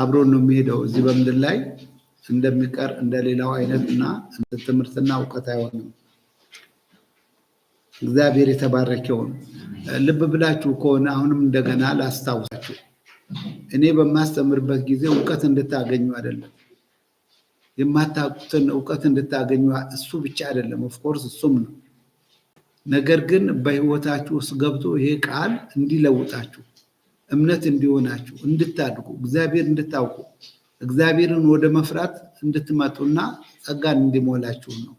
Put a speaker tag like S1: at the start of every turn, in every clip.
S1: አብሮ ነው የሚሄደው እዚህ በምድር ላይ እንደሚቀር እንደሌላው አይነት እና እንደ ትምህርትና እውቀት አይሆንም። እግዚአብሔር የተባረከውን ልብ ብላችሁ ከሆነ አሁንም እንደገና ላስታውሳችሁ፣ እኔ በማስተምርበት ጊዜ እውቀት እንድታገኙ አይደለም፣ የማታውቁትን እውቀት እንድታገኙ እሱ ብቻ አይደለም፣ ኦፍኮርስ እሱም ነው። ነገር ግን በህይወታችሁ ውስጥ ገብቶ ይሄ ቃል እንዲለውጣችሁ እምነት እንዲሆናችሁ እንድታድጉ እግዚአብሔር እንድታውቁ እግዚአብሔርን ወደ መፍራት እንድትመጡና ጸጋን እንዲሞላችሁ ነው።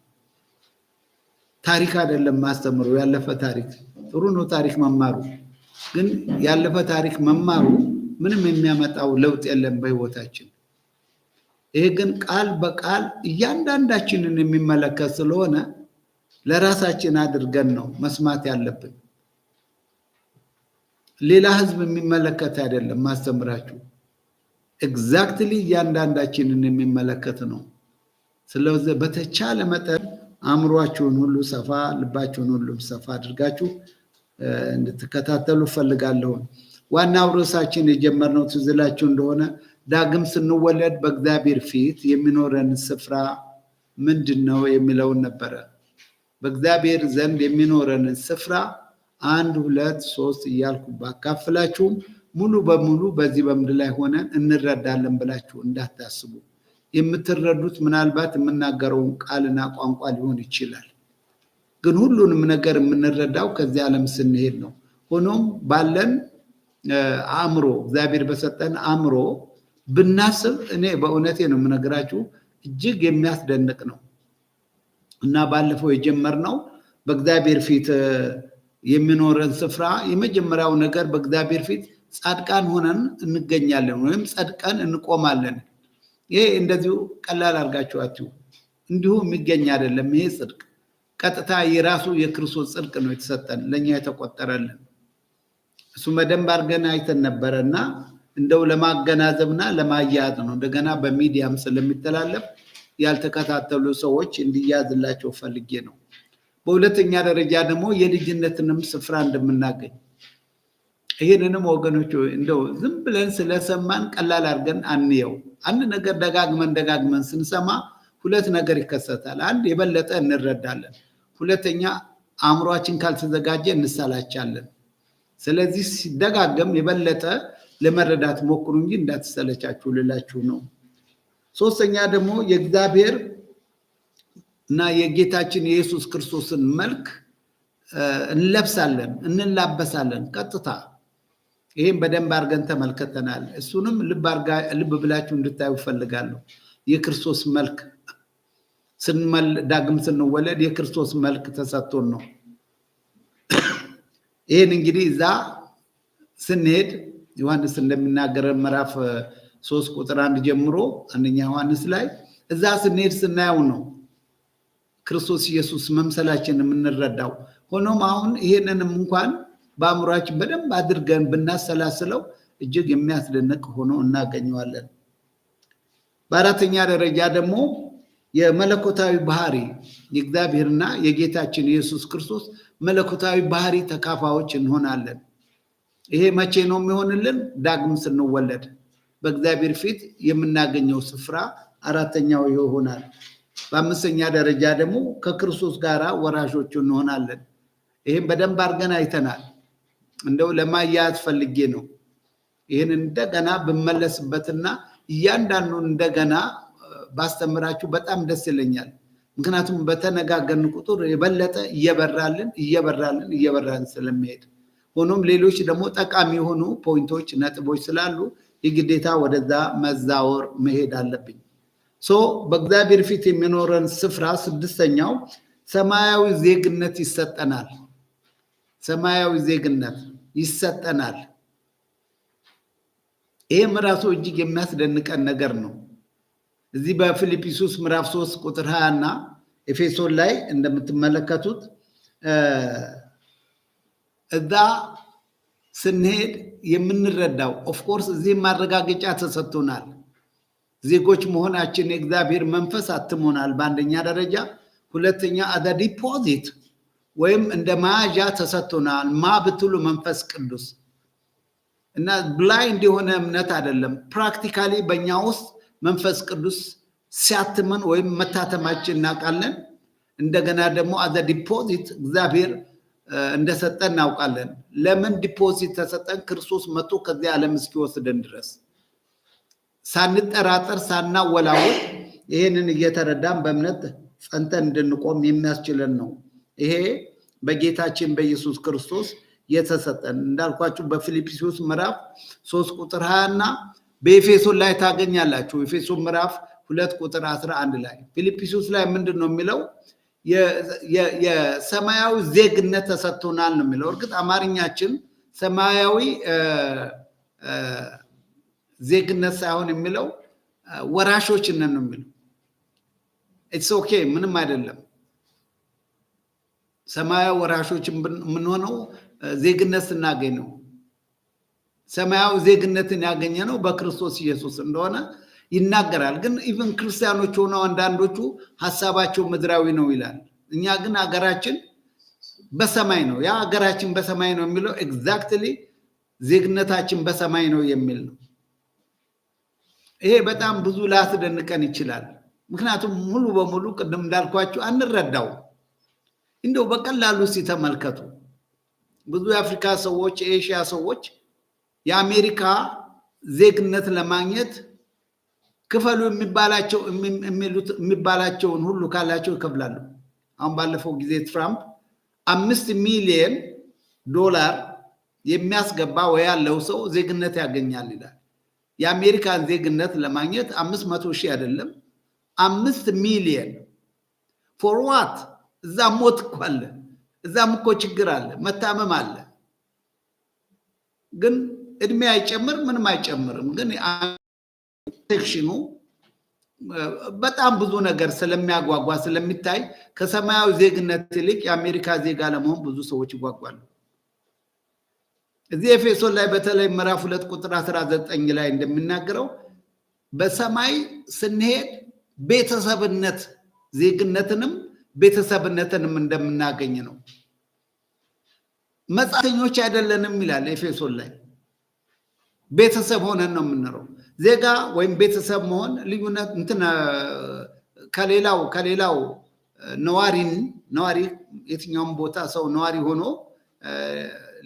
S1: ታሪክ አይደለም ማስተምሩ። ያለፈ ታሪክ ጥሩ ነው፣ ታሪክ መማሩ ግን ያለፈ ታሪክ መማሩ ምንም የሚያመጣው ለውጥ የለም በህይወታችን። ይሄ ግን ቃል በቃል እያንዳንዳችንን የሚመለከት ስለሆነ ለራሳችን አድርገን ነው መስማት ያለብን። ሌላ ህዝብ የሚመለከት አይደለም። ማስተምራችሁ ኤግዛክትሊ እያንዳንዳችንን የሚመለከት ነው። ስለዚህ በተቻለ መጠን አእምሯችሁን ሁሉ ሰፋ፣ ልባችሁን ሁሉም ሰፋ አድርጋችሁ እንድትከታተሉ እፈልጋለሁ። ዋናው ርዕሳችን የጀመርነው ትዝላችሁ እንደሆነ ዳግም ስንወለድ በእግዚአብሔር ፊት የሚኖረን ስፍራ ምንድን ነው የሚለውን ነበረ። በእግዚአብሔር ዘንድ የሚኖረን ስፍራ አንድ ሁለት ሶስት እያልኩ ባካፍላችሁም ሙሉ በሙሉ በዚህ በምድር ላይ ሆነን እንረዳለን ብላችሁ እንዳታስቡ። የምትረዱት ምናልባት የምናገረውን ቃልና ቋንቋ ሊሆን ይችላል፣ ግን ሁሉንም ነገር የምንረዳው ከዚህ ዓለም ስንሄድ ነው። ሆኖም ባለን አእምሮ፣ እግዚአብሔር በሰጠን አእምሮ ብናስብ እኔ በእውነቴ ነው የምነግራችሁ እጅግ የሚያስደንቅ ነው እና ባለፈው የጀመርነው በእግዚአብሔር ፊት የሚኖረን ስፍራ የመጀመሪያው ነገር በእግዚአብሔር ፊት ጻድቃን ሆነን እንገኛለን ወይም ጸድቀን እንቆማለን። ይሄ እንደዚሁ ቀላል አድርጋችኋችሁ እንዲሁ የሚገኝ አይደለም። ይሄ ጽድቅ ቀጥታ የራሱ የክርስቶስ ጽድቅ ነው የተሰጠን ለእኛ የተቆጠረልን። እሱ በደንብ አድርገን አይተን ነበረ እና እንደው ለማገናዘብና ለማያያዝ ነው። እንደገና በሚዲያም ስለሚተላለፍ ያልተከታተሉ ሰዎች እንዲያዝላቸው ፈልጌ ነው። በሁለተኛ ደረጃ ደግሞ የልጅነትንም ስፍራ እንደምናገኝ ይህንንም ወገኖች እንደው ዝም ብለን ስለሰማን ቀላል አድርገን አንየው። አንድ ነገር ደጋግመን ደጋግመን ስንሰማ ሁለት ነገር ይከሰታል። አንድ የበለጠ እንረዳለን፣ ሁለተኛ አእምሯችን ካልተዘጋጀ እንሰላቻለን። ስለዚህ ሲደጋገም የበለጠ ለመረዳት ሞክሩ እንጂ እንዳትሰለቻችሁ ልላችሁ ነው። ሶስተኛ ደግሞ የእግዚአብሔር እና የጌታችን የኢየሱስ ክርስቶስን መልክ እንለብሳለን፣ እንላበሳለን። ቀጥታ ይህም በደንብ አድርገን ተመልከተናል። እሱንም ልብ ብላችሁ እንድታዩ ፈልጋለሁ። የክርስቶስ መልክ ዳግም ስንወለድ የክርስቶስ መልክ ተሰጥቶን ነው። ይህን እንግዲህ እዛ ስንሄድ ዮሐንስ እንደሚናገረ ምዕራፍ ሶስት ቁጥር አንድ ጀምሮ አንደኛ ዮሐንስ ላይ እዛ ስንሄድ ስናየው ነው ክርስቶስ ኢየሱስ መምሰላችን የምንረዳው። ሆኖም አሁን ይሄንንም እንኳን በአእምሯችን በደንብ አድርገን ብናሰላስለው እጅግ የሚያስደንቅ ሆኖ እናገኘዋለን። በአራተኛ ደረጃ ደግሞ የመለኮታዊ ባህሪ የእግዚአብሔርና የጌታችን ኢየሱስ ክርስቶስ መለኮታዊ ባህሪ ተካፋዎች እንሆናለን። ይሄ መቼ ነው የሚሆንልን? ዳግም ስንወለድ በእግዚአብሔር ፊት የምናገኘው ስፍራ አራተኛው ይሆናል። በአምስተኛ ደረጃ ደግሞ ከክርስቶስ ጋር ወራሾቹ እንሆናለን። ይህም በደንብ አድርገን አይተናል። እንደው ለማያያዝ ፈልጌ ነው። ይህን እንደገና ብመለስበትና እያንዳንዱ እንደገና ባስተምራችሁ በጣም ደስ ይለኛል። ምክንያቱም በተነጋገርን ቁጥር የበለጠ እየበራልን እየበራልን እየበራልን ስለሚሄድ ሆኖም ሌሎች ደግሞ ጠቃሚ የሆኑ ፖይንቶች፣ ነጥቦች ስላሉ የግዴታ ወደዛ መዛወር መሄድ አለብኝ። ሶ በእግዚአብሔር ፊት የሚኖረን ስፍራ ስድስተኛው ሰማያዊ ዜግነት ይሰጠናል። ሰማያዊ ዜግነት ይሰጠናል። ይህም ራሱ እጅግ የሚያስደንቀን ነገር ነው። እዚህ በፊልጵስዩስ ምዕራፍ ሶስት ቁጥር ሀያ እና ኤፌሶን ላይ እንደምትመለከቱት እዛ ስንሄድ የምንረዳው ኦፍኮርስ እዚህም ማረጋገጫ ተሰጥቶናል። ዜጎች መሆናችን የእግዚአብሔር መንፈስ አትሞናል በአንደኛ ደረጃ። ሁለተኛ አደ ዲፖዚት ወይም እንደ መያዣ ተሰጥቶናል። ማ ብትሉ መንፈስ ቅዱስ እና ብላይንድ የሆነ እምነት አይደለም። ፕራክቲካሊ በእኛ ውስጥ መንፈስ ቅዱስ ሲያትመን ወይም መታተማችን እናውቃለን። እንደገና ደግሞ አዘ ዲፖዚት እግዚአብሔር እንደሰጠን እናውቃለን። ለምን ዲፖዚት ተሰጠን? ክርስቶስ መቶ ከዚህ ዓለም እስኪወስደን ድረስ ሳንጠራጠር ሳናወላወል ይህንን እየተረዳን በእምነት ጸንተን እንድንቆም የሚያስችለን ነው። ይሄ በጌታችን በኢየሱስ ክርስቶስ የተሰጠን እንዳልኳችሁ በፊልጵስዩስ ምዕራፍ ሶስት ቁጥር ሀያ እና በኤፌሶን ላይ ታገኛላችሁ። ኤፌሶን ምዕራፍ ሁለት ቁጥር አስራ አንድ ላይ ፊልጵስዩስ ላይ ምንድን ነው የሚለው? የሰማያዊ ዜግነት ተሰጥቶናል ነው የሚለው። እርግጥ አማርኛችን ሰማያዊ ዜግነት ሳይሆን የሚለው ወራሾች ነን ነው የሚለው። ኢትስ ኦኬ ምንም አይደለም። ሰማያዊ ወራሾች የምንሆነው ዜግነት ስናገኝ ነው። ሰማያዊ ዜግነትን ያገኘ ነው በክርስቶስ ኢየሱስ እንደሆነ ይናገራል። ግን ኢቨን ክርስቲያኖች ሆነው አንዳንዶቹ ሀሳባቸው ምድራዊ ነው ይላል። እኛ ግን ሀገራችን በሰማይ ነው። ያ ሀገራችን በሰማይ ነው የሚለው ኤግዛክትሊ ዜግነታችን በሰማይ ነው የሚል ነው። ይሄ በጣም ብዙ ላስደንቀን ይችላል። ምክንያቱም ሙሉ በሙሉ ቅድም እንዳልኳቸው አንረዳው። እንደው በቀላሉ ሲተመልከቱ ብዙ የአፍሪካ ሰዎች፣ የኤሽያ ሰዎች የአሜሪካ ዜግነት ለማግኘት ክፈሉ የሚባላቸውን ሁሉ ካላቸው ይከፍላሉ። አሁን ባለፈው ጊዜ ትራምፕ አምስት ሚሊየን ዶላር የሚያስገባ ወይ ያለው ሰው ዜግነት ያገኛል ይላል። የአሜሪካን ዜግነት ለማግኘት አምስት መቶ ሺህ አይደለም አምስት ሚሊየን ፎር ዋት? እዛ ሞት እኮ አለ፣ እዛም እኮ ችግር አለ፣ መታመም አለ። ግን እድሜ አይጨምር ምንም አይጨምርም። ግን ሴክሽኑ በጣም ብዙ ነገር ስለሚያጓጓ ስለሚታይ ከሰማያዊ ዜግነት ይልቅ የአሜሪካ ዜጋ ለመሆን ብዙ ሰዎች ይጓጓሉ። እዚህ ኤፌሶን ላይ በተለይ ምዕራፍ ሁለት ቁጥር አስራ ዘጠኝ ላይ እንደሚናገረው በሰማይ ስንሄድ ቤተሰብነት ዜግነትንም ቤተሰብነትንም እንደምናገኝ ነው። መጻተኞች አይደለንም ይላል ኤፌሶን ላይ ቤተሰብ ሆነን ነው የምንኖረው። ዜጋ ወይም ቤተሰብ መሆን ልዩነት እንትን ከሌላው ከሌላው ነዋሪን ነዋሪ የትኛውም ቦታ ሰው ነዋሪ ሆኖ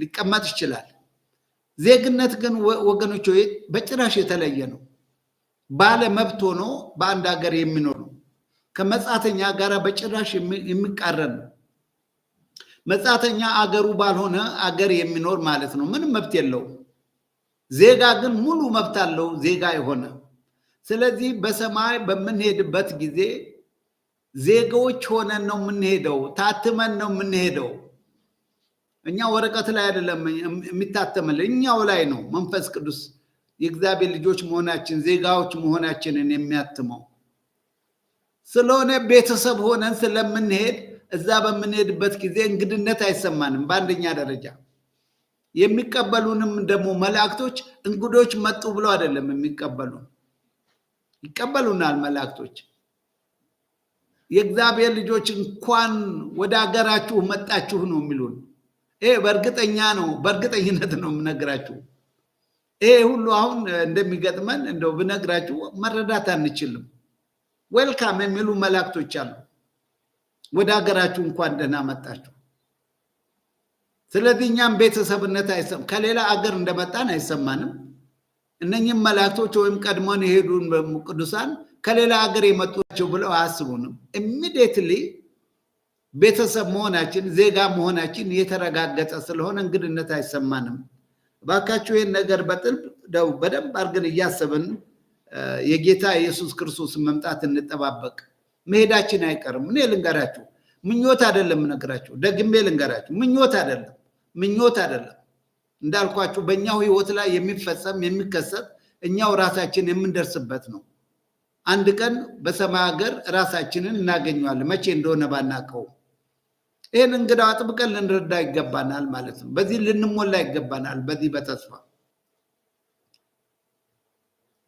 S1: ሊቀመጥ ይችላል። ዜግነት ግን ወገኖች በጭራሽ የተለየ ነው። ባለ መብት ሆኖ በአንድ ሀገር የሚኖር ነው። ከመጻተኛ ጋር በጭራሽ የሚቃረን ነው። መጻተኛ አገሩ ባልሆነ አገር የሚኖር ማለት ነው። ምንም መብት የለውም። ዜጋ ግን ሙሉ መብት አለው ዜጋ የሆነ ስለዚህ በሰማይ በምንሄድበት ጊዜ ዜጋዎች ሆነን ነው የምንሄደው። ታትመን ነው የምንሄደው። እኛ ወረቀት ላይ አይደለም የሚታተምልን፣ እኛው ላይ ነው መንፈስ ቅዱስ የእግዚአብሔር ልጆች መሆናችን ዜጋዎች መሆናችንን የሚያትመው ስለሆነ ቤተሰብ ሆነን ስለምንሄድ እዛ በምንሄድበት ጊዜ እንግድነት አይሰማንም። በአንደኛ ደረጃ የሚቀበሉንም ደግሞ መላእክቶች እንግዶች መጡ ብሎ አይደለም የሚቀበሉን፣ ይቀበሉናል መላእክቶች። የእግዚአብሔር ልጆች እንኳን ወደ ሀገራችሁ መጣችሁ ነው የሚሉን። ይሄ በእርግጠኛ ነው፣ በእርግጠኝነት ነው የምነግራችሁ። ይሄ ሁሉ አሁን እንደሚገጥመን እንደው ብነግራችሁ መረዳት አንችልም። ዌልካም የሚሉ መላእክቶች አሉ። ወደ ሀገራችሁ እንኳን ደህና መጣችሁ። ስለዚህ እኛም ቤተሰብነት አይሰም ከሌላ አገር እንደመጣን አይሰማንም። እነኝም መላእክቶች ወይም ቀድሞን የሄዱን ቅዱሳን ከሌላ ሀገር የመጡ ናቸው ብለው አያስቡንም ኢሚዲየትሊ ቤተሰብ መሆናችን ዜጋ መሆናችን የተረጋገጠ ስለሆነ እንግድነት አይሰማንም። ባካቸው ይህን ነገር በጥልብ ደው በደንብ አድርገን እያሰብን የጌታ ኢየሱስ ክርስቶስ መምጣት እንጠባበቅ። መሄዳችን አይቀርም። እኔ ልንገራችሁ፣ ምኞት አይደለም እነግራችሁ፣ ደግሜ ልንገራችሁ፣ ምኞት አይደለም፣ ምኞት አይደለም። እንዳልኳችሁ በእኛው ህይወት ላይ የሚፈጸም የሚከሰት እኛው ራሳችን የምንደርስበት ነው። አንድ ቀን በሰማይ ሀገር ራሳችንን እናገኘዋለን። መቼ እንደሆነ ባናውቀውም ይህን እንግዳ አጥብቀን ልንረዳ ይገባናል ማለት ነው። በዚህ ልንሞላ ይገባናል። በዚህ በተስፋ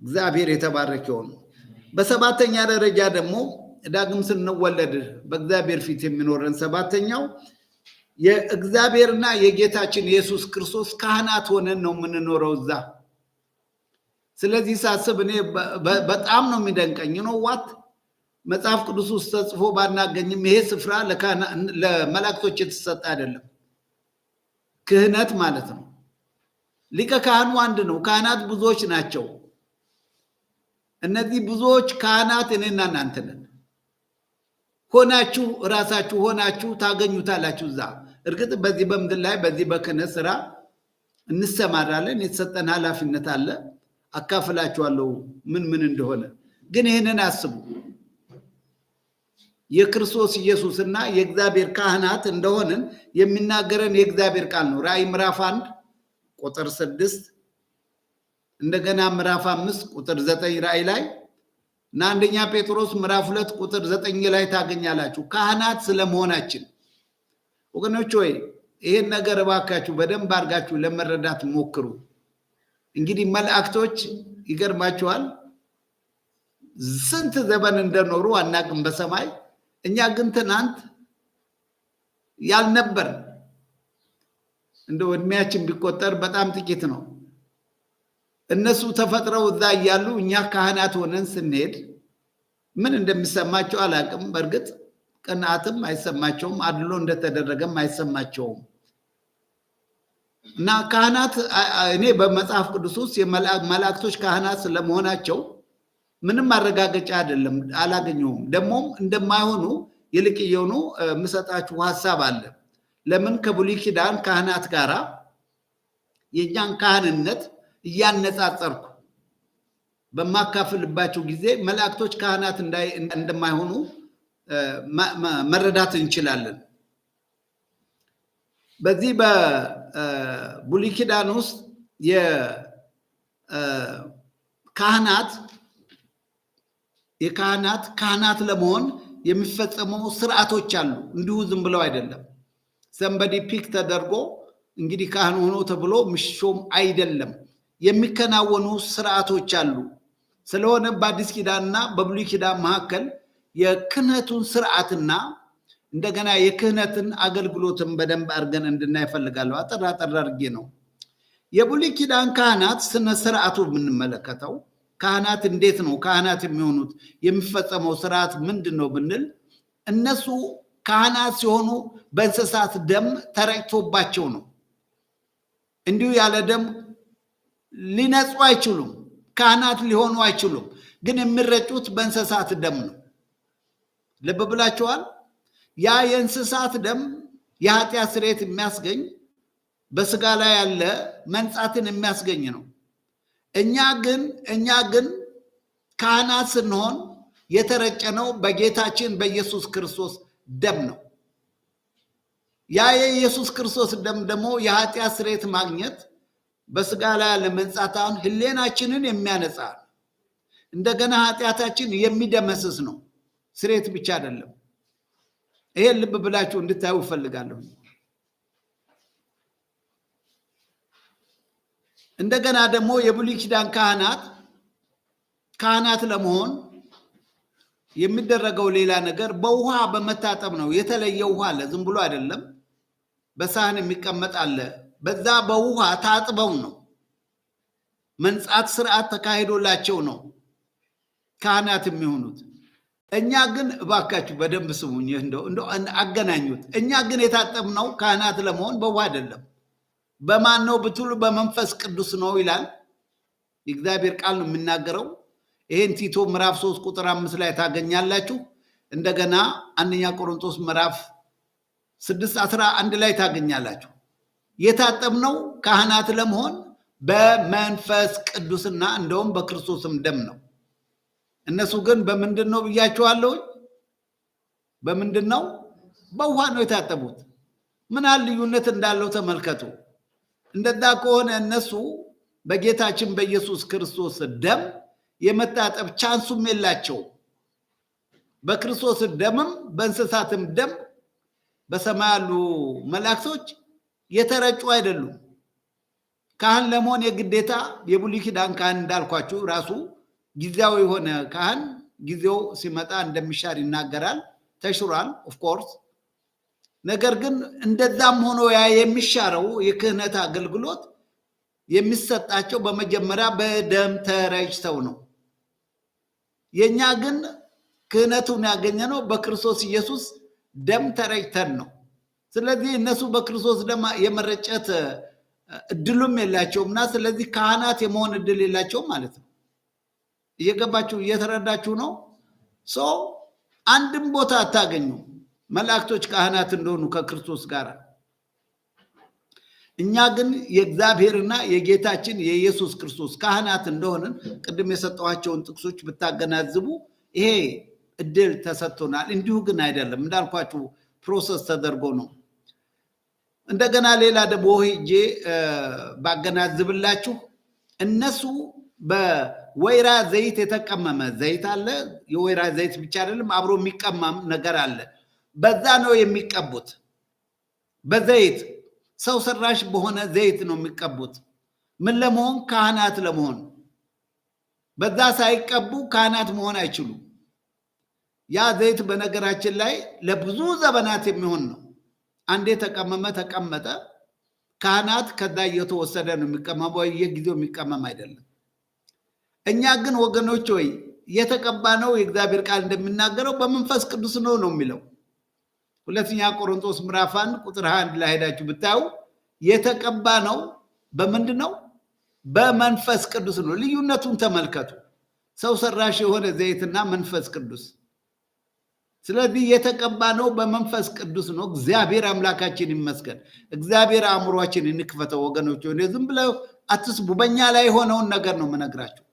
S1: እግዚአብሔር የተባረክ የሆኑ በሰባተኛ ደረጃ ደግሞ ዳግም ስንወለድ በእግዚአብሔር ፊት የሚኖረን ሰባተኛው የእግዚአብሔርና የጌታችን ኢየሱስ ክርስቶስ ካህናት ሆነን ነው የምንኖረው እዛ። ስለዚህ ሳስብ እኔ በጣም ነው የሚደንቀኝ ነው ዋት መጽሐፍ ቅዱስ ውስጥ ተጽፎ ባናገኝም ይሄ ስፍራ ለመላእክቶች የተሰጠ አይደለም። ክህነት ማለት ነው። ሊቀ ካህኑ አንድ ነው። ካህናት ብዙዎች ናቸው። እነዚህ ብዙዎች ካህናት እኔና እናንተ ነን። ሆናችሁ እራሳችሁ ሆናችሁ ታገኙታላችሁ እዛ። እርግጥ በዚህ በምድር ላይ በዚህ በክህነት ስራ እንሰማራለን። የተሰጠን ኃላፊነት አለ። አካፍላችኋለሁ ምን ምን እንደሆነ ግን ይህንን አስቡ። የክርስቶስ ኢየሱስና የእግዚአብሔር ካህናት እንደሆንን የሚናገረን የእግዚአብሔር ቃል ነው። ራእይ ምዕራፍ አንድ ቁጥር ስድስት እንደገና ምዕራፍ አምስት ቁጥር ዘጠኝ ራእይ ላይ እና አንደኛ ጴጥሮስ ምዕራፍ ሁለት ቁጥር ዘጠኝ ላይ ታገኛላችሁ። ካህናት ስለመሆናችን ወገኖች ወይ ይሄን ነገር እባካችሁ በደንብ አድርጋችሁ ለመረዳት ሞክሩ። እንግዲህ መላእክቶች ይገርማችኋል ስንት ዘመን እንደኖሩ አናቅም በሰማይ እኛ ግን ትናንት ያልነበር እንደው እድሜያችን ቢቆጠር በጣም ጥቂት ነው። እነሱ ተፈጥረው እዛ እያሉ እኛ ካህናት ሆነን ስንሄድ ምን እንደሚሰማቸው አላቅም። በእርግጥ ቅንዓትም አይሰማቸውም፣ አድሎ እንደተደረገም አይሰማቸውም። እና ካህናት እኔ በመጽሐፍ ቅዱስ ውስጥ መላእክቶች ካህናት ስለመሆናቸው ምንም ማረጋገጫ አይደለም፣ አላገኘሁም። ደግሞም እንደማይሆኑ ይልቅ የሆኑ የምሰጣችሁ ሀሳብ አለ። ለምን ከብሉይ ኪዳን ካህናት ጋር የእኛን ካህንነት እያነጻጸርኩ በማካፍልባቸው ጊዜ መላእክቶች ካህናት እንደማይሆኑ መረዳት እንችላለን። በዚህ በብሉይ ኪዳን ውስጥ የካህናት የካህናት ካህናት ለመሆን የሚፈጸሙ ስርዓቶች አሉ። እንዲሁ ዝም ብለው አይደለም። ሰንበዲ ፒክ ተደርጎ እንግዲህ ካህን ሆኖ ተብሎ ምሾም አይደለም። የሚከናወኑ ስርዓቶች አሉ። ስለሆነ በአዲስ ኪዳንና በብሉይ ኪዳን መካከል የክህነቱን ስርዓትና እንደገና የክህነትን አገልግሎትን በደንብ አድርገን እንድናይ ይፈልጋለሁ። አጠር አጠር አድርጌ ነው የብሉይ ኪዳን ካህናት ስነ ስርዓቱ የምንመለከተው ካህናት እንዴት ነው ካህናት የሚሆኑት? የሚፈጸመው ስርዓት ምንድን ነው ብንል እነሱ ካህናት ሲሆኑ በእንስሳት ደም ተረጭቶባቸው ነው። እንዲሁ ያለ ደም ሊነጹ አይችሉም፣ ካህናት ሊሆኑ አይችሉም። ግን የሚረጩት በእንስሳት ደም ነው። ልብ ብላችኋል። ያ የእንስሳት ደም የኃጢአት ስርየት የሚያስገኝ በስጋ ላይ ያለ መንጻትን የሚያስገኝ ነው። እኛ ግን እኛ ግን ካህናት ስንሆን የተረጨነው በጌታችን በኢየሱስ ክርስቶስ ደም ነው። ያ የኢየሱስ ክርስቶስ ደም ደግሞ የኃጢአት ስርየት ማግኘት በስጋ ላይ ያለ መንጻታን ህሌናችንን የሚያነጻ እንደገና ኃጢአታችን የሚደመስስ ነው። ስርየት ብቻ አይደለም። ይሄን ልብ ብላችሁ እንድታዩ እፈልጋለሁ። እንደገና ደግሞ የብሉይ ኪዳን ካህናት ካህናት ለመሆን የሚደረገው ሌላ ነገር በውሃ በመታጠብ ነው። የተለየ ውሃ አለ፣ ዝም ብሎ አይደለም። በሳህን የሚቀመጥ አለ። በዛ በውሃ ታጥበው ነው መንጻት ስርዓት ተካሂዶላቸው ነው ካህናት የሚሆኑት። እኛ ግን እባካችሁ በደንብ ስሙኝ፣ እንደው አገናኙት። እኛ ግን የታጠብነው ካህናት ለመሆን በውሃ አይደለም። በማን ነው ብትሉ በመንፈስ ቅዱስ ነው ይላል የእግዚአብሔር ቃል ነው የምናገረው። ይሄን ቲቶ ምዕራፍ ሶስት ቁጥር አምስት ላይ ታገኛላችሁ። እንደገና አንደኛ ቆሮንቶስ ምዕራፍ ስድስት አስራ አንድ ላይ ታገኛላችሁ። የታጠብነው ካህናት ለመሆን በመንፈስ ቅዱስና እንደውም በክርስቶስም ደም ነው። እነሱ ግን በምንድን ነው ብያችኋለሁኝ? በምንድን ነው? በውሃ ነው የታጠቡት። ምን ያህል ልዩነት እንዳለው ተመልከቱ። እንደዛ ከሆነ እነሱ በጌታችን በኢየሱስ ክርስቶስ ደም የመታጠብ ቻንሱም የላቸው። በክርስቶስ ደምም በእንስሳትም ደም በሰማይ ያሉ መላእክቶች የተረጩ አይደሉም። ካህን ለመሆን የግዴታ የብሉይ ኪዳን ካህን እንዳልኳችሁ ራሱ ጊዜያዊ የሆነ ካህን ጊዜው ሲመጣ እንደሚሻር ይናገራል። ተሽሯል ኦፍኮርስ ነገር ግን እንደዛም ሆኖ ያ የሚሻረው የክህነት አገልግሎት የሚሰጣቸው በመጀመሪያ በደም ተረጭተው ነው። የእኛ ግን ክህነቱን ያገኘነው በክርስቶስ ኢየሱስ ደም ተረጭተን ነው። ስለዚህ እነሱ በክርስቶስ ደም የመረጨት እድሉም የላቸውም እና ስለዚህ ካህናት የመሆን እድል የላቸውም ማለት ነው። እየገባችሁ እየተረዳችሁ ነው። ሰው አንድም ቦታ አታገኙም። መላእክቶች ካህናት እንደሆኑ ከክርስቶስ ጋር እኛ ግን የእግዚአብሔርና የጌታችን የኢየሱስ ክርስቶስ ካህናት እንደሆንን ቅድም የሰጠኋቸውን ጥቅሶች ብታገናዝቡ ይሄ እድል ተሰጥቶናል። እንዲሁ ግን አይደለም እንዳልኳችሁ ፕሮሰስ ተደርጎ ነው። እንደገና ሌላ ደግሞ ሄጄ ባገናዝብላችሁ እነሱ በወይራ ዘይት የተቀመመ ዘይት አለ። የወይራ ዘይት ብቻ አይደለም፣ አብሮ የሚቀማም ነገር አለ። በዛ ነው የሚቀቡት። በዘይት ሰው ሰራሽ በሆነ ዘይት ነው የሚቀቡት። ምን ለመሆን ካህናት ለመሆን። በዛ ሳይቀቡ ካህናት መሆን አይችሉም። ያ ዘይት በነገራችን ላይ ለብዙ ዘመናት የሚሆን ነው። አንዴ ተቀመመ ተቀመጠ። ካህናት ከዛ እየተወሰደ ነው የሚቀመመ፣ የጊዜው የሚቀመም አይደለም። እኛ ግን ወገኖች ወይ የተቀባ ነው። የእግዚአብሔር ቃል እንደሚናገረው በመንፈስ ቅዱስ ነው ነው የሚለው ሁለተኛ ቆሮንቶስ ምዕራፍ አንድ ቁጥር አንድ ላይ ሄዳችሁ ብታዩ የተቀባ ነው። በምንድ ነው? በመንፈስ ቅዱስ ነው። ልዩነቱን ተመልከቱ። ሰው ሰራሽ የሆነ ዘይትና መንፈስ ቅዱስ። ስለዚህ የተቀባ ነው በመንፈስ ቅዱስ ነው። እግዚአብሔር አምላካችን ይመስገን። እግዚአብሔር አእምሯችን እንክፈተው ወገኖች። ሆ ዝም ብለው አትስቡ። በእኛ ላይ የሆነውን ነገር ነው የምነግራቸው።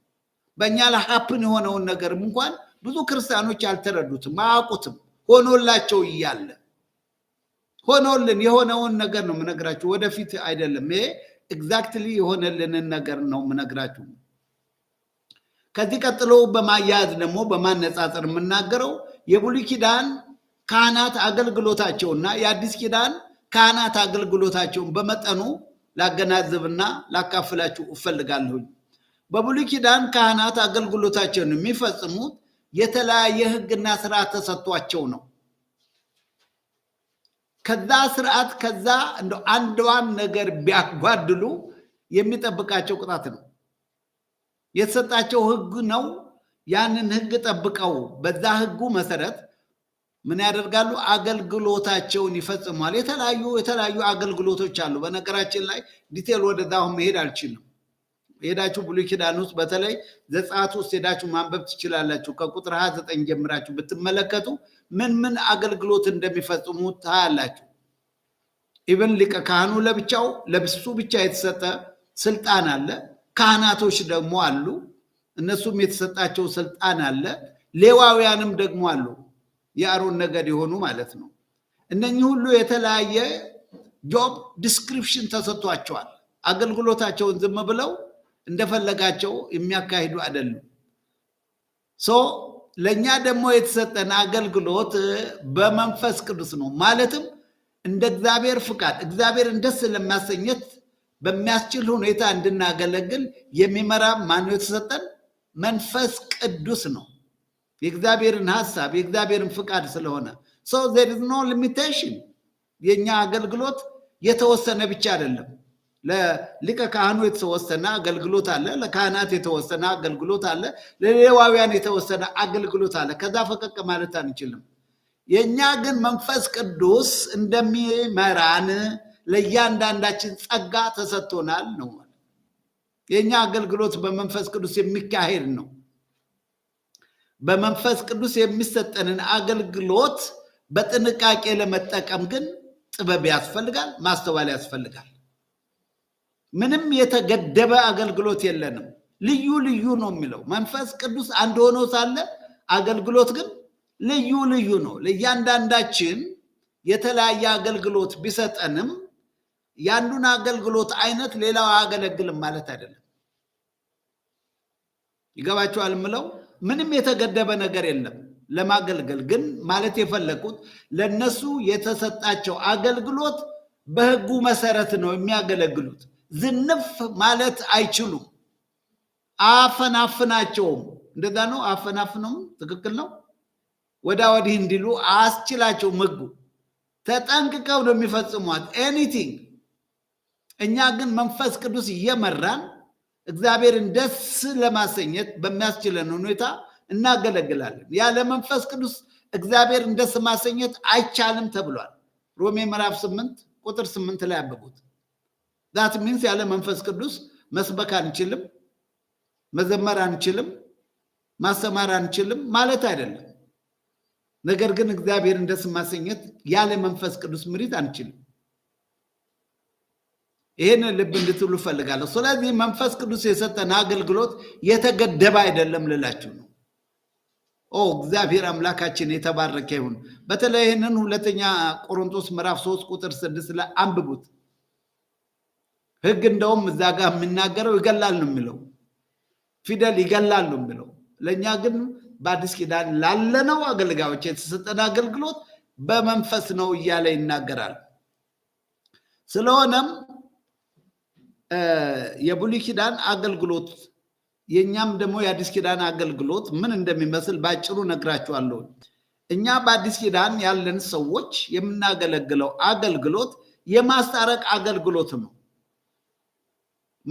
S1: በእኛ ላይ ሀፕን የሆነውን ነገርም እንኳን ብዙ ክርስቲያኖች አልተረዱትም፣ አያውቁትም ሆኖላቸው እያለ ሆኖልን የሆነውን ነገር ነው የምነግራችሁ። ወደፊት አይደለም። ይሄ ኤግዛክትሊ የሆነልንን ነገር ነው የምነግራችሁ። ከዚህ ቀጥሎ በማያያዝ ደግሞ በማነጻጸር የምናገረው የብሉይ ኪዳን ካህናት አገልግሎታቸውና የአዲስ ኪዳን ካህናት አገልግሎታቸውን በመጠኑ ላገናዝብና ላካፍላችሁ እፈልጋለሁኝ። በብሉይ ኪዳን ካህናት አገልግሎታቸውን የሚፈጽሙት የተለያየ ሕግና ስርዓት ተሰጥቷቸው ነው። ከዛ ስርዓት ከዛ እንደ አንድዋን ነገር ቢያጓድሉ የሚጠብቃቸው ቅጣት ነው። የተሰጣቸው ህግ ነው። ያንን ህግ ጠብቀው በዛ ህጉ መሰረት ምን ያደርጋሉ? አገልግሎታቸውን ይፈጽሟል። የተለያዩ የተለያዩ አገልግሎቶች አሉ። በነገራችን ላይ ዲቴል ወደዛ አሁን መሄድ አልችልም። ሄዳችሁ ብሉይ ኪዳን ውስጥ በተለይ ዘጸአት ውስጥ ሄዳችሁ ማንበብ ትችላላችሁ። ከቁጥር ሀያ ዘጠኝ ጀምራችሁ ብትመለከቱ ምን ምን አገልግሎት እንደሚፈጽሙ ታያላችሁ። ኢብን ሊቀ ካህኑ ለብቻው ለብሱ ብቻ የተሰጠ ስልጣን አለ። ካህናቶች ደግሞ አሉ፣ እነሱም የተሰጣቸው ስልጣን አለ። ሌዋውያንም ደግሞ አሉ፣ የአሮን ነገድ የሆኑ ማለት ነው። እነኚህ ሁሉ የተለያየ ጆብ ዲስክሪፕሽን ተሰጥቷቸዋል። አገልግሎታቸውን ዝም ብለው እንደፈለጋቸው የሚያካሂዱ አይደሉም። ለእኛ ደግሞ የተሰጠን አገልግሎት በመንፈስ ቅዱስ ነው። ማለትም እንደ እግዚአብሔር ፍቃድ እግዚአብሔርን ደስ ለማሰኘት በሚያስችል ሁኔታ እንድናገለግል የሚመራ ማነው? የተሰጠን መንፈስ ቅዱስ ነው። የእግዚአብሔርን ሀሳብ የእግዚአብሔርን ፍቃድ ስለሆነ ሰው ዜር ኖ ሊሚቴሽን የእኛ አገልግሎት የተወሰነ ብቻ አይደለም። ለሊቀ ካህኑ የተወሰነ አገልግሎት አለ። ለካህናት የተወሰነ አገልግሎት አለ። ለሌዋውያን የተወሰነ አገልግሎት አለ። ከዛ ፈቀቅ ማለት አንችልም። የእኛ ግን መንፈስ ቅዱስ እንደሚመራን ለእያንዳንዳችን ጸጋ ተሰጥቶናል ነው። የእኛ አገልግሎት በመንፈስ ቅዱስ የሚካሄድ ነው። በመንፈስ ቅዱስ የሚሰጠንን አገልግሎት በጥንቃቄ ለመጠቀም ግን ጥበብ ያስፈልጋል፣ ማስተዋል ያስፈልጋል። ምንም የተገደበ አገልግሎት የለንም። ልዩ ልዩ ነው የሚለው መንፈስ ቅዱስ አንድ ሆኖ ሳለ አገልግሎት ግን ልዩ ልዩ ነው። ለእያንዳንዳችን የተለያየ አገልግሎት ቢሰጠንም የአንዱን አገልግሎት አይነት ሌላው አያገለግልም ማለት አይደለም። ይገባችኋል? ምለው ምንም የተገደበ ነገር የለም ለማገልገል ግን ማለት የፈለኩት ለነሱ የተሰጣቸው አገልግሎት በሕጉ መሰረት ነው የሚያገለግሉት። ዝንፍ ማለት አይችሉም። አፈናፍናቸውም። እንደዛ ነው። አፈናፍነውም ትክክል ነው። ወዳ ወዲህ እንዲሉ አስችላቸው። ምግቡ ተጠንቅቀው ነው የሚፈጽሟት ኤኒቲንግ። እኛ ግን መንፈስ ቅዱስ እየመራን እግዚአብሔርን ደስ ለማሰኘት በሚያስችለን ሁኔታ እናገለግላለን። ያለ መንፈስ ቅዱስ እግዚአብሔርን ደስ ማሰኘት አይቻልም ተብሏል። ሮሜ ምዕራፍ ስምንት ቁጥር ስምንት ላይ ያበቡት ዛት ሚንስ ያለ መንፈስ ቅዱስ መስበክ አንችልም፣ መዘመር አንችልም፣ ማሰማር አንችልም ማለት አይደለም። ነገር ግን እግዚአብሔርን ደስ ማሰኘት ያለ መንፈስ ቅዱስ ምሪት አንችልም። ይህንን ልብ እንድትሉ እፈልጋለሁ። ስለዚህ መንፈስ ቅዱስ የሰጠን አገልግሎት የተገደበ አይደለም ልላችሁ ነው። ኦ እግዚአብሔር አምላካችን የተባረከ ይሁን። በተለይ ይህንን ሁለተኛ ቆሮንቶስ ምዕራፍ ሶስት ቁጥር ስድስት ላይ አንብቡት። ህግ እንደውም እዛ ጋር የሚናገረው ይገላል ነው የሚለው ፊደል ይገላል ነው የሚለው። ለእኛ ግን በአዲስ ኪዳን ላለነው አገልጋዮች የተሰጠን አገልግሎት በመንፈስ ነው እያለ ይናገራል። ስለሆነም የብሉይ ኪዳን አገልግሎት የእኛም ደግሞ የአዲስ ኪዳን አገልግሎት ምን እንደሚመስል ባጭሩ ነግራችኋለሁ። እኛ በአዲስ ኪዳን ያለን ሰዎች የምናገለግለው አገልግሎት የማስታረቅ አገልግሎት ነው።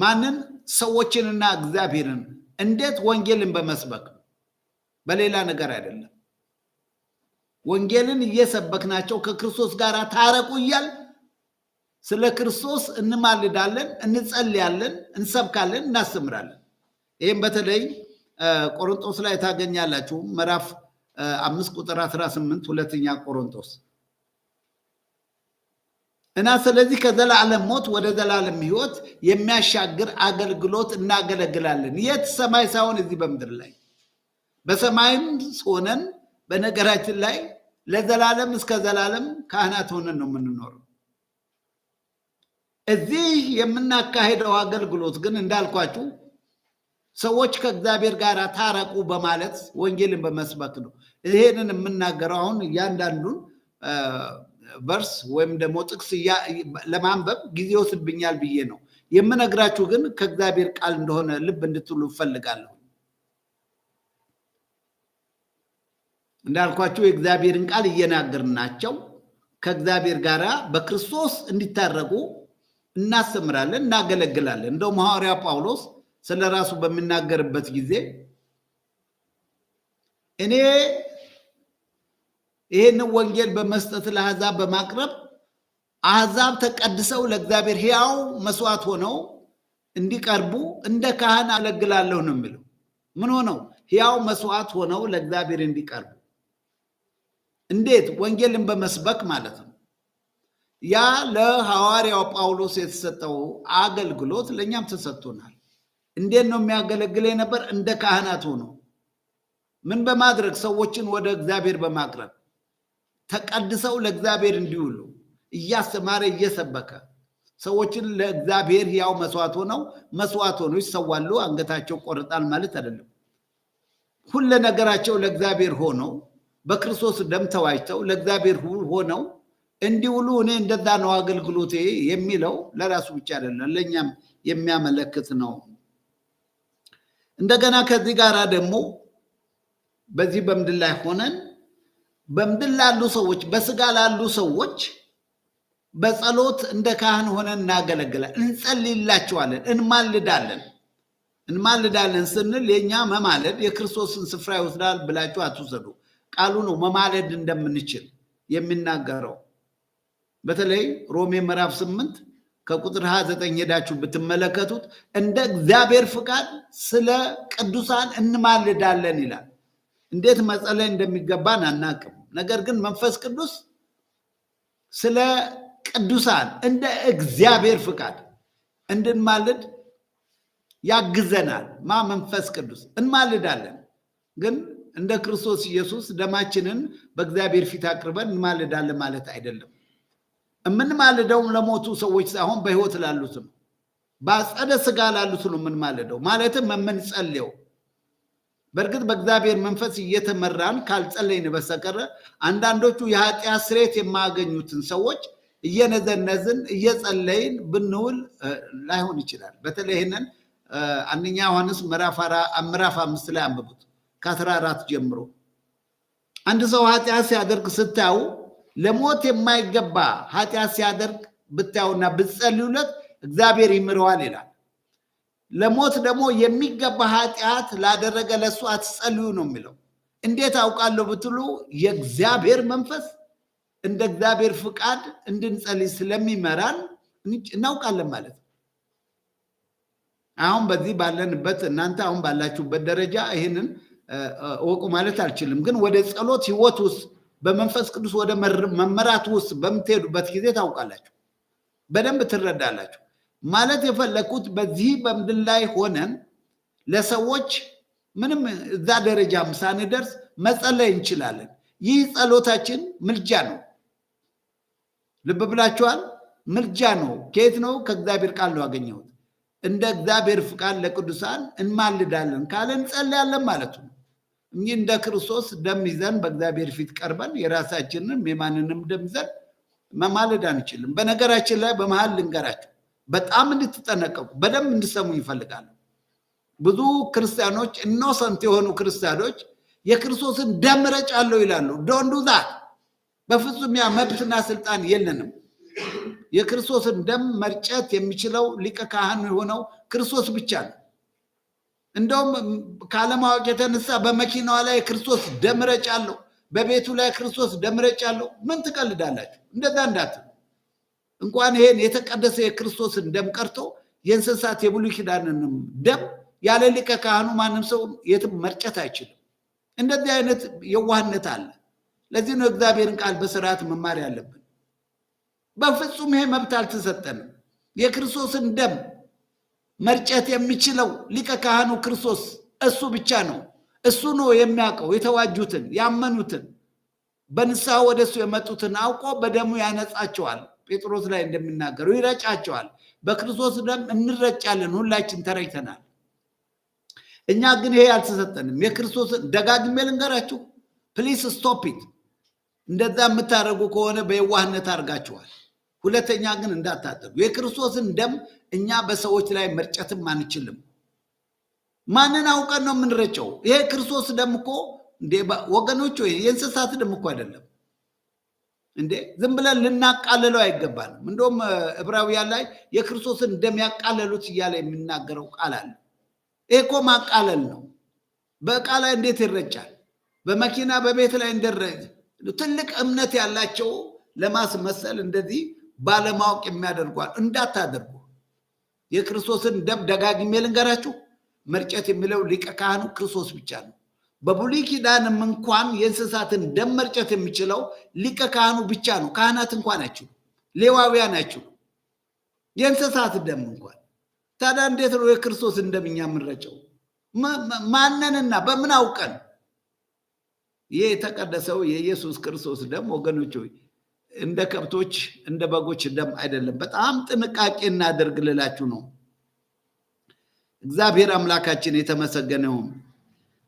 S1: ማንን? ሰዎችንና እግዚአብሔርን። እንዴት? ወንጌልን በመስበክ በሌላ ነገር አይደለም። ወንጌልን እየሰበክናቸው ከክርስቶስ ጋር ታረቁ እያል ስለ ክርስቶስ እንማልዳለን፣ እንጸልያለን፣ እንሰብካለን፣ እናስተምራለን። ይህም በተለይ ቆሮንጦስ ላይ ታገኛላችሁ ምዕራፍ አምስት ቁጥር አስራ ስምንት ሁለተኛ ቆሮንቶስ እና ስለዚህ ከዘላለም ሞት ወደ ዘላለም ህይወት የሚያሻግር አገልግሎት እናገለግላለን። የት ሰማይ ሳይሆን እዚህ በምድር ላይ በሰማይም ሆነን በነገራችን ላይ ለዘላለም እስከ ዘላለም ካህናት ሆነን ነው የምንኖረው። እዚህ የምናካሄደው አገልግሎት ግን እንዳልኳችሁ ሰዎች ከእግዚአብሔር ጋር ታረቁ በማለት ወንጌልን በመስበክ ነው። ይሄንን የምናገረው አሁን እያንዳንዱን ቨርስ ወይም ደግሞ ጥቅስ ለማንበብ ጊዜ ወስድብኛል ብዬ ነው የምነግራችሁ፣ ግን ከእግዚአብሔር ቃል እንደሆነ ልብ እንድትሉ እፈልጋለሁ። እንዳልኳቸው የእግዚአብሔርን ቃል እየናገርናቸው ከእግዚአብሔር ጋር በክርስቶስ እንዲታረቁ እናስተምራለን፣ እናገለግላለን። እንደውም ሐዋርያ ጳውሎስ ስለ ራሱ በሚናገርበት ጊዜ እኔ ይህንን ወንጌል በመስጠት ለአሕዛብ በማቅረብ አሕዛብ ተቀድሰው ለእግዚአብሔር ሕያው መስዋዕት ሆነው እንዲቀርቡ እንደ ካህን አገለግላለሁ ነው የሚለው። ምን ሆነው ሕያው መስዋዕት ሆነው ለእግዚአብሔር እንዲቀርቡ እንዴት? ወንጌልን በመስበክ ማለት ነው። ያ ለሐዋርያው ጳውሎስ የተሰጠው አገልግሎት ለእኛም ተሰጥቶናል። እንዴት ነው የሚያገለግል የነበር? እንደ ካህናት ሆኖ ምን በማድረግ ሰዎችን ወደ እግዚአብሔር በማቅረብ ተቀድሰው ለእግዚአብሔር እንዲውሉ እያስተማረ እየሰበከ ሰዎችን ለእግዚአብሔር ያው መስዋዕት ሆነው መስዋዕት ሆነው ይሰዋሉ። አንገታቸው ቆርጣል ማለት አይደለም። ሁለ ነገራቸው ለእግዚአብሔር ሆነው በክርስቶስ ደም ተዋጅተው ለእግዚአብሔር ሆነው እንዲውሉ እኔ እንደዛ ነው አገልግሎቴ የሚለው ለራሱ ብቻ አይደለም፣ ለእኛም የሚያመለክት ነው። እንደገና ከዚህ ጋር ደግሞ በዚህ በምድር ላይ ሆነን በምድር ላሉ ሰዎች በስጋ ላሉ ሰዎች በጸሎት እንደ ካህን ሆነን እናገለግላል፣ እንጸልይላቸዋለን፣ እንማልዳለን። እንማልዳለን ስንል የእኛ መማለድ የክርስቶስን ስፍራ ይወስዳል ብላችሁ አትውሰዱ። ቃሉ ነው መማለድ እንደምንችል የሚናገረው። በተለይ ሮሜ ምዕራፍ ስምንት ከቁጥር ሀያ ዘጠኝ ሄዳችሁ ብትመለከቱት እንደ እግዚአብሔር ፍቃድ ስለ ቅዱሳን እንማልዳለን ይላል። እንዴት መጸለይ እንደሚገባን አናቅም። ነገር ግን መንፈስ ቅዱስ ስለ ቅዱሳን እንደ እግዚአብሔር ፍቃድ እንድንማልድ ያግዘናል። ማ መንፈስ ቅዱስ እንማልዳለን፣ ግን እንደ ክርስቶስ ኢየሱስ ደማችንን በእግዚአብሔር ፊት አቅርበን እንማልዳለን ማለት አይደለም። የምንማልደውም ለሞቱ ሰዎች ሳይሆን በሕይወት ላሉትም በአጸደ ስጋ ላሉት ነው የምንማልደው፣ ማለትም የምንጸልየው በእርግጥ በእግዚአብሔር መንፈስ እየተመራን ካልጸለይን በስተቀር አንዳንዶቹ የኃጢአት ስርየት የማያገኙትን ሰዎች እየነዘነዝን እየጸለይን ብንውል ላይሆን ይችላል። በተለይ ይህንን አንደኛ ዮሐንስ ምዕራፍ አምስት ላይ አንብቡት ከአስራ አራት ጀምሮ አንድ ሰው ኃጢአት ሲያደርግ ስታዩ ለሞት የማይገባ ኃጢአት ሲያደርግ ብታዩና ብትጸልዩለት እግዚአብሔር ይምረዋል ይላል። ለሞት ደግሞ የሚገባ ኃጢአት ላደረገ ለእሱ አትጸልዩ ነው የሚለው። እንዴት አውቃለሁ ብትሉ የእግዚአብሔር መንፈስ እንደ እግዚአብሔር ፍቃድ እንድንጸልይ ስለሚመራን እናውቃለን ማለት ነው። አሁን በዚህ ባለንበት እናንተ አሁን ባላችሁበት ደረጃ ይህንን እወቁ ማለት አልችልም፣ ግን ወደ ጸሎት ህይወት ውስጥ በመንፈስ ቅዱስ ወደ መመራት ውስጥ በምትሄዱበት ጊዜ ታውቃላችሁ፣ በደንብ ትረዳላችሁ። ማለት የፈለግኩት በዚህ በምድር ላይ ሆነን ለሰዎች ምንም እዛ ደረጃም ሳንደርስ መጸለይ እንችላለን። ይህ ጸሎታችን ምልጃ ነው። ልብ ብላችኋል። ምልጃ ነው። ከየት ነው? ከእግዚአብሔር ቃል ነው ያገኘሁት። እንደ እግዚአብሔር ፍቃድ ለቅዱሳን እንማልዳለን ካለ እንጸልያለን ማለት ነው። እኚህ እንደ ክርስቶስ ደም ይዘን በእግዚአብሔር ፊት ቀርበን የራሳችንንም የማንንም ደም ይዘን መማለድ አንችልም። በነገራችን ላይ በመሀል ልንገራችሁ በጣም እንድትጠነቀቁ በደንብ እንድሰሙ ይፈልጋሉ። ብዙ ክርስቲያኖች ኢኖሰንት የሆኑ ክርስቲያኖች የክርስቶስን ደም ረጫለሁ ይላሉ። ዶንዱ ዛ በፍጹም ያ መብትና ስልጣን የለንም። የክርስቶስን ደም መርጨት የሚችለው ሊቀ ካህኑ የሆነው ክርስቶስ ብቻ ነው። እንደውም ከአለማወቅ የተነሳ በመኪናዋ ላይ ክርስቶስ ደም ረጫለሁ፣ በቤቱ ላይ ክርስቶስ ደም ረጫለሁ። ምን ትቀልዳላችሁ? እንደዛ እንዳት እንኳን ይሄን የተቀደሰ የክርስቶስን ደም ቀርቶ የእንስሳት የብሉይ ኪዳንንም ደም ያለ ሊቀ ካህኑ ማንም ሰው የትም መርጨት አይችልም። እንደዚህ አይነት የዋህነት አለ። ለዚህ ነው እግዚአብሔርን ቃል በስርዓት መማር ያለብን። በፍጹም ይሄ መብት አልተሰጠንም። የክርስቶስን ደም መርጨት የሚችለው ሊቀ ካህኑ ክርስቶስ እሱ ብቻ ነው። እሱ ነው የሚያውቀው የተዋጁትን፣ ያመኑትን፣ በንስሐ ወደ እሱ የመጡትን አውቆ በደሙ ያነጻቸዋል። ጴጥሮስ ላይ እንደሚናገረው ይረጫቸዋል። በክርስቶስ ደም እንረጫለን። ሁላችን ተረጭተናል። እኛ ግን ይሄ አልተሰጠንም። የክርስቶስን ደጋግሜ ልንገራችሁ፣ ፕሊስ ስቶፒት። እንደዛ የምታደርጉ ከሆነ በየዋህነት አድርጋችኋል። ሁለተኛ ግን እንዳታደርጉ። የክርስቶስን ደም እኛ በሰዎች ላይ መርጨትም አንችልም። ማንን አውቀን ነው የምንረጨው? ይሄ ክርስቶስ ደም እኮ ወገኖች፣ ወይ የእንስሳት ደም እኮ አይደለም። እንዴ ዝም ብለን ልናቃልለው አይገባንም። እንደውም ዕብራውያን ላይ የክርስቶስን እንደሚያቃለሉት እያለ የሚናገረው ቃል አለ። ኤኮ እኮ ማቃለል ነው። በእቃ ላይ እንዴት ይረጫል? በመኪና በቤት ላይ እንደረጅ ትልቅ እምነት ያላቸው ለማስመሰል እንደዚህ ባለማወቅ የሚያደርጓል። እንዳታደርጉ የክርስቶስን ደም ደጋግሜ ልንገራችሁ፣ መርጨት የሚለው ሊቀ ካህኑ ክርስቶስ ብቻ ነው። በብሉይ ኪዳንም እንኳን የእንስሳትን ደም መርጨት የሚችለው ሊቀ ካህኑ ብቻ ነው። ካህናት እንኳን ናችሁ፣ ሌዋውያን ናችሁ። የእንስሳት ደም እንኳን ታዲያ እንዴት ነው የክርስቶስ እንደምኛ የምንረጨው? ማነንና በምን አውቀን? ይህ የተቀደሰው የኢየሱስ ክርስቶስ ደም ወገኖች ሆይ እንደ ከብቶች እንደ በጎች ደም አይደለም። በጣም ጥንቃቄ እናደርግ ልላችሁ ነው። እግዚአብሔር አምላካችን የተመሰገነውም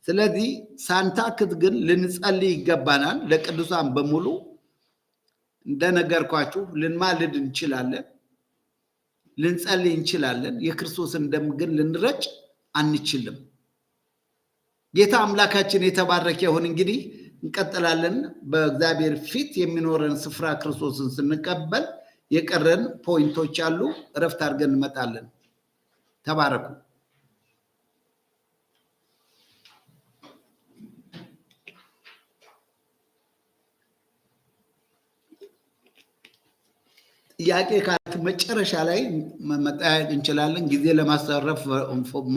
S1: ስለዚህ ሳንታክት ግን ልንጸልይ ይገባናል። ለቅዱሳን በሙሉ እንደነገርኳችሁ ልንማልድ እንችላለን፣ ልንጸልይ እንችላለን። የክርስቶስን ደም ግን ልንረጭ አንችልም። ጌታ አምላካችን የተባረከ ይሁን። እንግዲህ እንቀጥላለን። በእግዚአብሔር ፊት የሚኖረን ስፍራ ክርስቶስን ስንቀበል የቀረን ፖይንቶች አሉ። እረፍት አድርገን እንመጣለን። ተባረኩ። ጥያቄ ካላችሁ መጨረሻ ላይ መጠያየቅ እንችላለን። ጊዜ ለማሳረፍ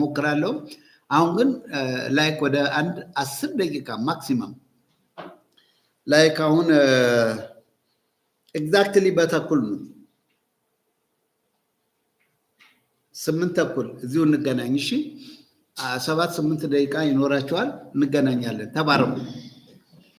S1: ሞክራለሁ። አሁን ግን ላይክ ወደ አንድ አስር ደቂቃ ማክሲመም ላይክ አሁን ኤግዛክትሊ በተኩል ነው ስምንት ተኩል እዚሁ እንገናኝ። እሺ ሰባት ስምንት ደቂቃ ይኖራቸዋል። እንገናኛለን። ተባረኩ።